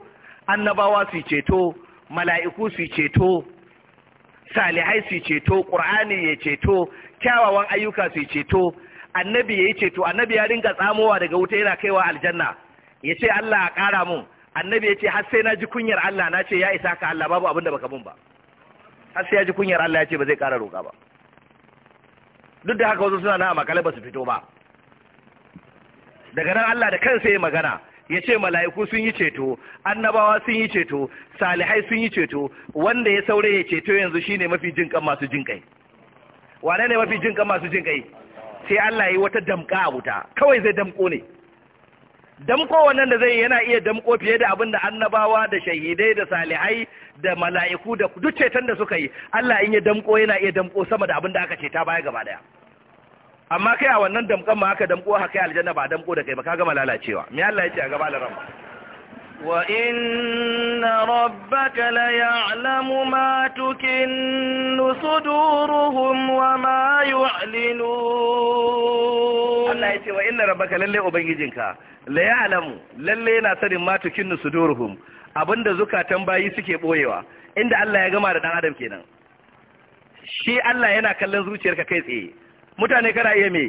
annabawa su ceto mala'iku su ceto salihai su ceto qur'ani ya ceto kyawawan ayyuka su ceto annabi ya yi ceto annabi ya rinka tsamowa daga wuta yana kaiwa aljanna Ya ce Allah ya kara mun annabi ya ce har sai na ji kunyar Allah na ce ya isa ka Allah babu abin da baka mun ba har sai ya ji kunyar Allah ya ce ba zai ƙara roƙa ba duk da haka wasu suna na makale ba su fito ba daga nan Allah da kansa ya magana ya ce mala'iku sun yi ceto annabawa sun yi ceto salihai sun yi ceto wanda ya saurayi ya ceto yanzu shine mafi jin kan masu jin kai wane ne mafi jin kan masu jin kai sai Allah ya yi wata damka a wuta kawai zai damko ne damko wannan da zai yana iya damko fiye da abin da annabawa da shahidai da salihai da mala'iku da duk ceton da suka yi Allah in ya damko yana iya damko sama da abin da aka ceta baya gaba daya amma kai a wannan damkan ma aka damko haka aljanna ba damko da kai ba kaga gama lalacewa me Allah ya ce a gaba da rama وإن ربك ليعلم ما تكن صدورهم وما يعلنون الله يتي وإن ربك للي أبنجينك ليعلم للي sanin ما تكن صدورهم abinda zukatan bayi suke boyewa inda Allah ya gama da dan adam kenan shi Allah yana kallon zuciyarka kai tsaye mutane kana iya me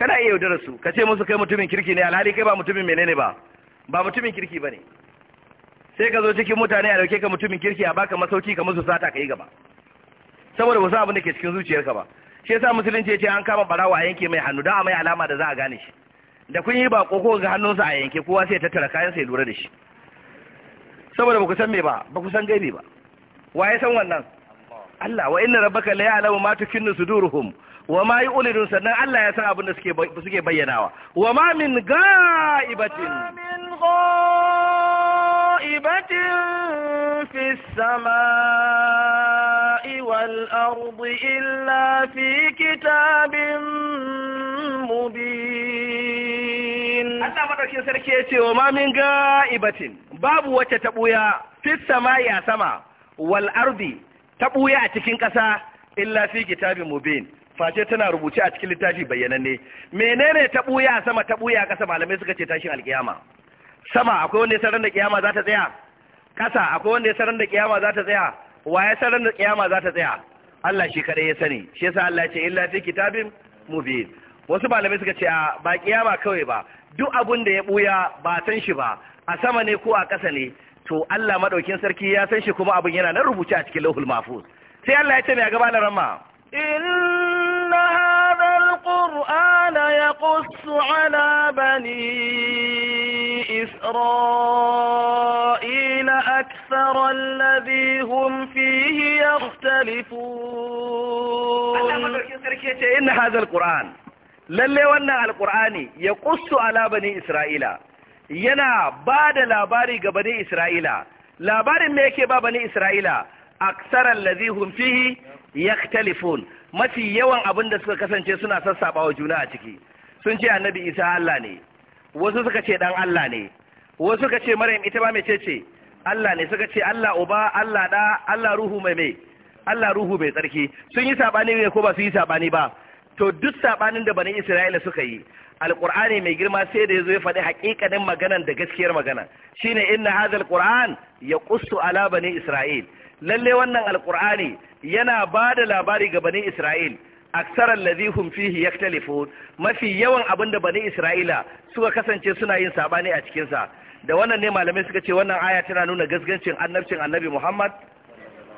kana iya yaudarar su ka ce musu kai mutumin kirki ne alhali kai ba mutumin menene ba ba mutumin kirki bane sai ka zo cikin mutane a dauke ka mutumin kirki a baka masauki ka musu sata ka yi gaba saboda ba su abin da ke cikin zuciyarka ba shi yasa musulunci ya ce an kama barawa a yanke mai hannu da mai alama da za a gane shi da kun yi bako ko ga hannunsa a yanke kowa sai ya tattara kayan sai lura da shi saboda ba ku san me ba ba ku san gani ba wa ya san wannan Allah wa inna rabbaka la ya'lamu ma tukinnu suduruhum wa ma yu'lidun sannan Allah ya san abin da suke suke bayyanawa wa ma min ga'ibatin min ضائبة في السماء والأرض إلا في كتاب مبين Allah madaukin sarki ya ce wa mamin ga'ibatin babu wacce ta ɓuya fit sama ya sama wal ardi ta ɓuya a cikin ƙasa illa fi kitabin mubin face tana rubuce a cikin littafi bayyananne menene ta ɓuya a sama ta ɓuya a ƙasa malamai suka ce tashin alkiyama sama akwai wanda ya saran da kiyama za ta tsaya ƙasa akwai wanda ya saran da kiyama za ta tsaya wa ya saran da kiyama za ta tsaya Allah shi kare ya sani shi yasa Allah ya ce illa fi kitabin mubin wasu malamai suka ce ba kiyama kawai ba duk abun da ya buya ba san shi ba a sama ne ko a ƙasa ne to Allah madaukin sarki ya san shi kuma abin yana nan rubuce a cikin lauhul mahfuz sai Allah ya ce mai gaba da ramma inna hadha alquran yaqussu ala bani إسرائيل أكثر الذي هم فيه يختلفون إن هذا القرآن lalle wannan alkur'ani ya kustu ala bani isra'ila yana ba da labari ga bani isra'ila labarin me yake ba bani isra'ila aksarar lazihun fihi ya telefon mafi yawan abin da suka kasance suna sassaɓa juna a ciki sun ce annabi isa Allah ne wasu suka ce dan Allah ne wasu suka ce Maryam ita ba mece ce Allah ne suka ce Allah uba Allah da Allah ruhu mai mai Allah ruhu mai tsarki sun yi sabani ne ko ba su yi sabani ba to duk sabanin da bani Isra'ila suka yi alqur'ani mai girma sai da yazo ya faɗi haƙiƙanin maganan da gaskiyar magana shine inna Kur'an qur'an yaqussu ala bani isra'il lalle wannan alqur'ani yana bada labari ga bani isra'il aksarar lazihun fihi yaktalifun mafi yawan abin da bani isra'ila suka kasance suna yin sabani a cikinsa da wannan ne malamai suka ce wannan aya tana nuna gasgancin annabcin annabi muhammad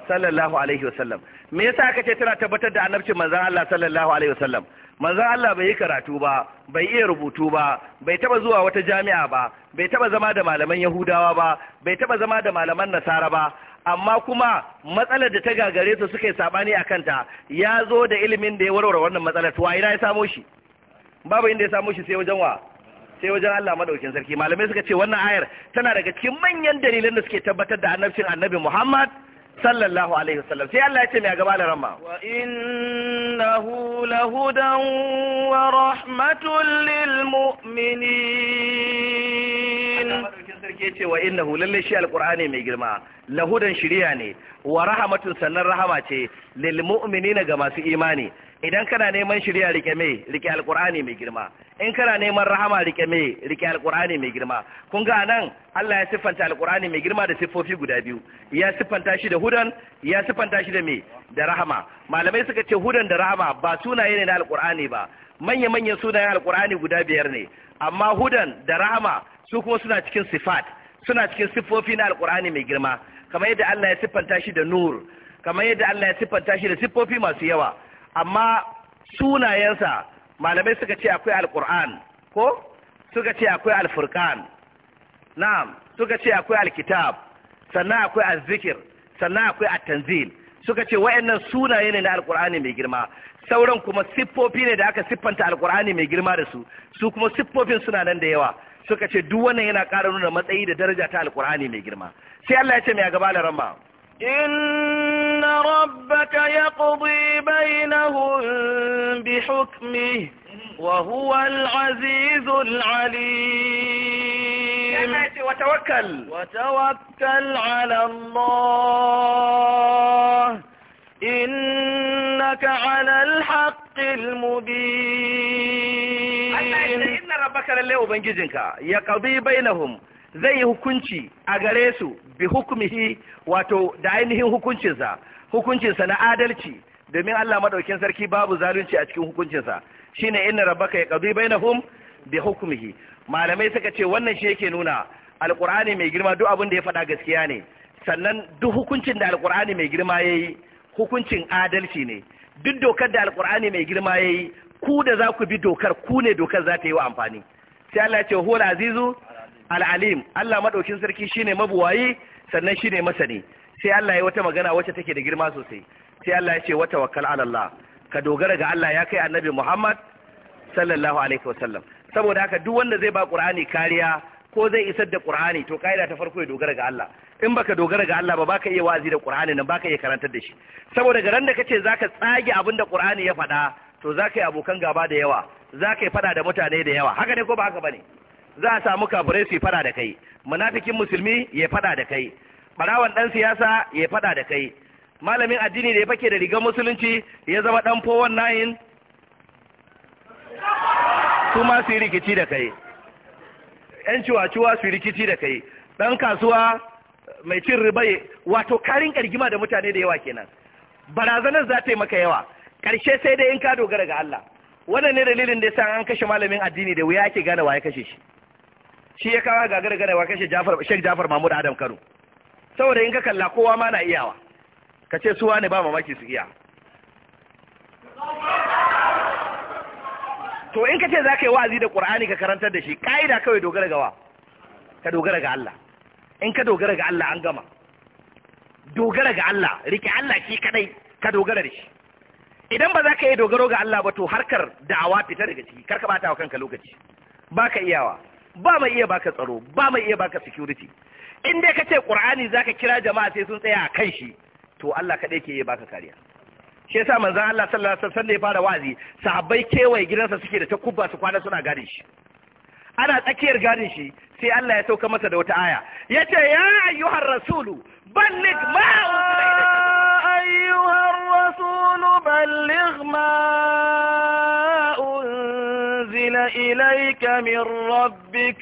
sallallahu alaihi wasallam me yasa aka ce tana tabbatar da annabcin manzon Allah sallallahu alaihi wasallam manzon Allah bai yi karatu ba bai iya rubutu ba bai taba zuwa wata jami'a ba bai taba zama da malaman yahudawa ba bai taba zama da malaman nasara ba amma kuma matsalar da ta gagare su suka yi sabani a kanta ya zo da ilimin da ya warware wannan matsalar tuwa ina ya samo shi babu inda ya samo shi sai wajen wa sai wajen Allah madaukin sarki malamai suka ce wannan ayar tana daga cikin manyan dalilan da suke tabbatar da annabcin annabi Muhammad sallallahu alaihi wasallam sai Allah ya ce mai gaba da ramma wa innahu lahudan wa rahmatul lil mu'minin sarki ce wa innahu lalle shi alqur'ani mai girma lahudan shiriya ne wa rahmatun sannan rahama ce lil mu'minina ga masu imani idan kana neman shirya rike me rike alkur'ani mai girma in kana neman rahama rike me rike alkur'ani mai girma kun ga nan Allah ya siffanta alkur'ani mai girma da siffofi guda biyu ya siffanta shi da hudan ya siffanta shi da me da rahama malamai suka ce hudan da rahama ba sunaye ne na alkur'ani ba manya manyan sunayen alkur'ani guda biyar ne amma hudan da rahama su kuma suna cikin sifat suna cikin siffofi na alkur'ani mai girma kamar yadda Allah ya siffanta shi da nur kamar yadda Allah ya siffanta shi da siffofi masu yawa amma sunayensa malamai suka ce akwai alkur'an ko suka ce akwai alfurkan na'am suka ce akwai alkitab sannan akwai azzikir sannan akwai atanzil suka ce wayannan sunaye ne na alkur'ani mai girma sauran kuma siffofi ne da aka siffanta alkur'ani mai girma da su su kuma siffofin suna nan da yawa suka ce duk wannan yana ƙara nuna matsayi da daraja ta alkur'ani mai girma sai Allah ya ce mai gaba da ramma إن ربك يقضي بينهم بحكمه وهو العزيز العليم وتوكل وتوكل على الله إنك على الحق المبين إن ربك لله وبنجزنك يقضي بينهم zai yi hukunci a gare su bi hukumihi wato da ainihin hukuncinsa hukuncinsa na adalci domin Allah madaukin sarki babu zalunci a cikin hukuncinsa shine inna rabbaka yaqdi bainahum bi hukumihi malamai suka ce wannan shi yake nuna alqur'ani mai girma duk abin da ya faɗa gaskiya ne sannan duk hukuncin da alqur'ani mai girma yayi hukuncin adalci ne duk dokar da alqur'ani mai girma yayi ku da za ku bi dokar ku ne dokar za ta yi wa amfani sai Allah ya ce huwal azizu al'alim Allah maɗaukin sarki shine mabuwayi sannan shine masani sai Allah ya wata magana wacce take da girma sosai sai Allah ya ce wata wakal Allah ka dogara ga Allah ya kai annabi Muhammad sallallahu alaihi wasallam saboda haka duk wanda zai ba Qur'ani kariya ko zai isar da Qur'ani to kaida ta farko ya dogara ga Allah in baka dogara ga Allah ba baka iya wazi da Qur'ani nan baka iya karantar da shi saboda garan da ka kace zaka tsage abin da Qur'ani ya faɗa to zaka yi abokan gaba da yawa zaka yi fada da mutane da yawa haka ne ko ba haka bane za a samu kafirai su fada da kai munafikin musulmi ya fada da kai barawan dan siyasa ya fada da kai malamin addini da ya fake da rigar musulunci ya zama dan 419 su ma su yi rikici da kai yan ciwa-ciwa su yi rikici da kai dan kasuwa mai cin ribai wato karin kargima da mutane da yawa kenan barazanar za ta yi maka yawa karshe sai dai in ka dogara ga Allah wannan ne dalilin da yasa an kashe malamin addini da wuya ake gane wa ya kashe shi shi ya kawo gagara gare wa kashe Jafar Sheikh Jafar Mahmud Adam Kano saboda in ka kalla kowa ma na iyawa ka ce suwa ne ba mamaki su iya to in ka ce za ka yi wa'azi da ƙur'ani ka karantar da shi ƙa'ida kawai dogara ga wa ka dogara ga Allah in ka dogara ga Allah an gama dogara ga Allah rike Allah shi kadai ka dogara da shi idan ba za ka yi dogaro ga Allah ba to harkar da'awa fita daga ciki kar ka bata wa kanka lokaci ba ka iyawa ba mai iya baka tsaro ba mai iya baka security in dai kace ƙur'ani zaka kira jama'a sai sun tsaya a kan shi to Allah kaɗai ke iya baka kariya shi yasa manzon Allah sallallahu alaihi wasallam ya fara wazi sahabbai kewaye gidansa suke da takubba su kwana suna gadin shi ana tsakiyar gadin shi sai Allah ya sauka masa da wata aya yace ya ayyuhar rasulu balligh ma ayyuhar rasulu balligh ma أنزل إليك من ربك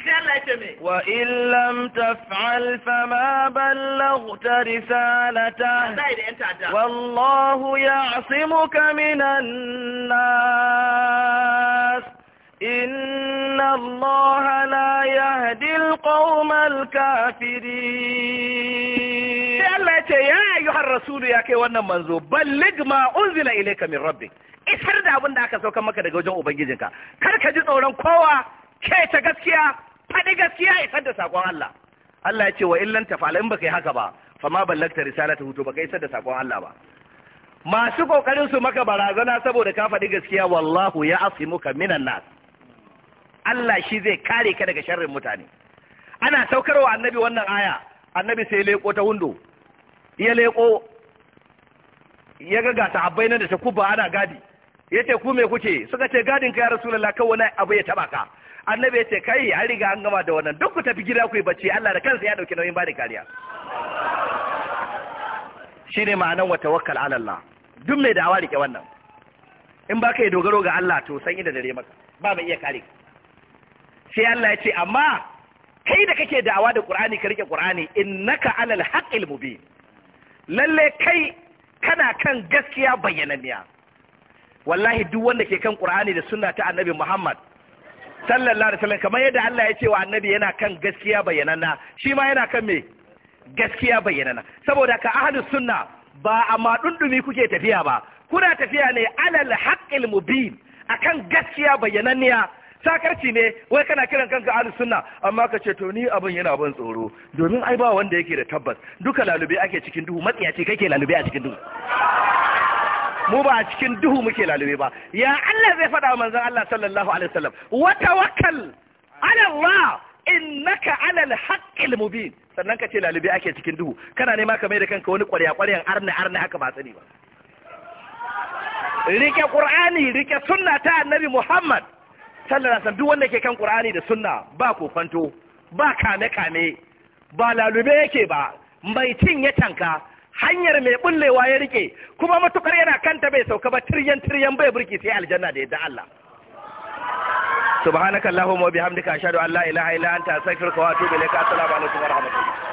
وإن لم تفعل فما بلغت رسالته والله يعصمك من الناس إن الله لا يهدي القوم الكافرين يا أيها الرسول يا كي منزو بلغ ما أنزل إليك من ربك isar da abin da aka sauka maka daga wajen ubangijinka kar ka ji tsoron kowa keta gaskiya faɗi gaskiya isar da sakon Allah Allah ya ce wa illan tafala in baka yi haka ba fa ma ballagta risalata hutu baka isar da sakon Allah ba masu kokarin su maka barazana saboda ka faɗi gaskiya wallahu ya muka minan nas Allah shi zai kare ka daga sharrin mutane ana saukar wa annabi wannan aya annabi sai leko ta hundo ya leko ya ga ga sahabbai nan da ta kuba ana gadi yace ku me kuke suka ce gadin ka ya rasulullah kawai wani abu ya taba ka annabi yace kai an riga an gama da wannan duk ku tafi gida ku yi bacci Allah da kansa ya dauki nauyin bada kariya shine ma'anar wa tawakkal ala Allah duk mai da'awa rike wannan in ba ka yi dogaro ga Allah to san inda dare maka ba mai iya kare sai Allah ya ce amma kai da kake da'awa da Qur'ani ka rike Qur'ani innaka alal haqqil mubin lalle kai kana kan gaskiya bayyananniya wallahi duk wanda ke kan qur'ani da sunna ta annabi muhammad sallallahu alaihi wasallam kamar yadda Allah ya ce wa annabi yana kan gaskiya bayyanana shi ma yana kan me gaskiya bayyanana saboda ka ahlus sunna ba a madundumi kuke tafiya ba kuna tafiya ne alal haqqil mubin akan gaskiya bayyananniya sakarci ne wai kana kiran kanka ahlus sunna amma ka ce to ni abin yana ban tsoro domin ai ba wanda yake da tabbas duka lalube ake cikin duhu matsiyaci kake lalube a cikin duhu mu ba a cikin duhu muke lalube ba ya Allah zai faɗa manzon Allah sallallahu alaihi wasallam wa tawakkal ala Allah innaka ala al-haqqil mubin sannan ka ce lalube ake cikin duhu kana nema ka mai da kanka wani ƙwarya ƙwaryan arna arna haka ba sani ba rike qur'ani rike sunna ta annabi Muhammad sallallahu alaihi wasallam duk wanda ke kan qur'ani da sunna ba kofanto ba kame kame ba lalube yake ba mai cin ya tanka hanyar mai bullewa ya rike kuma matukar yana kanta bai sauka ba tiryan tiryan bai burki sai aljanna da yadda Allah subhanakallahumma wa bihamdika ashhadu an la ilaha illa anta astaghfiruka wa atubu ilaika assalamu alaikum wa rahmatullahi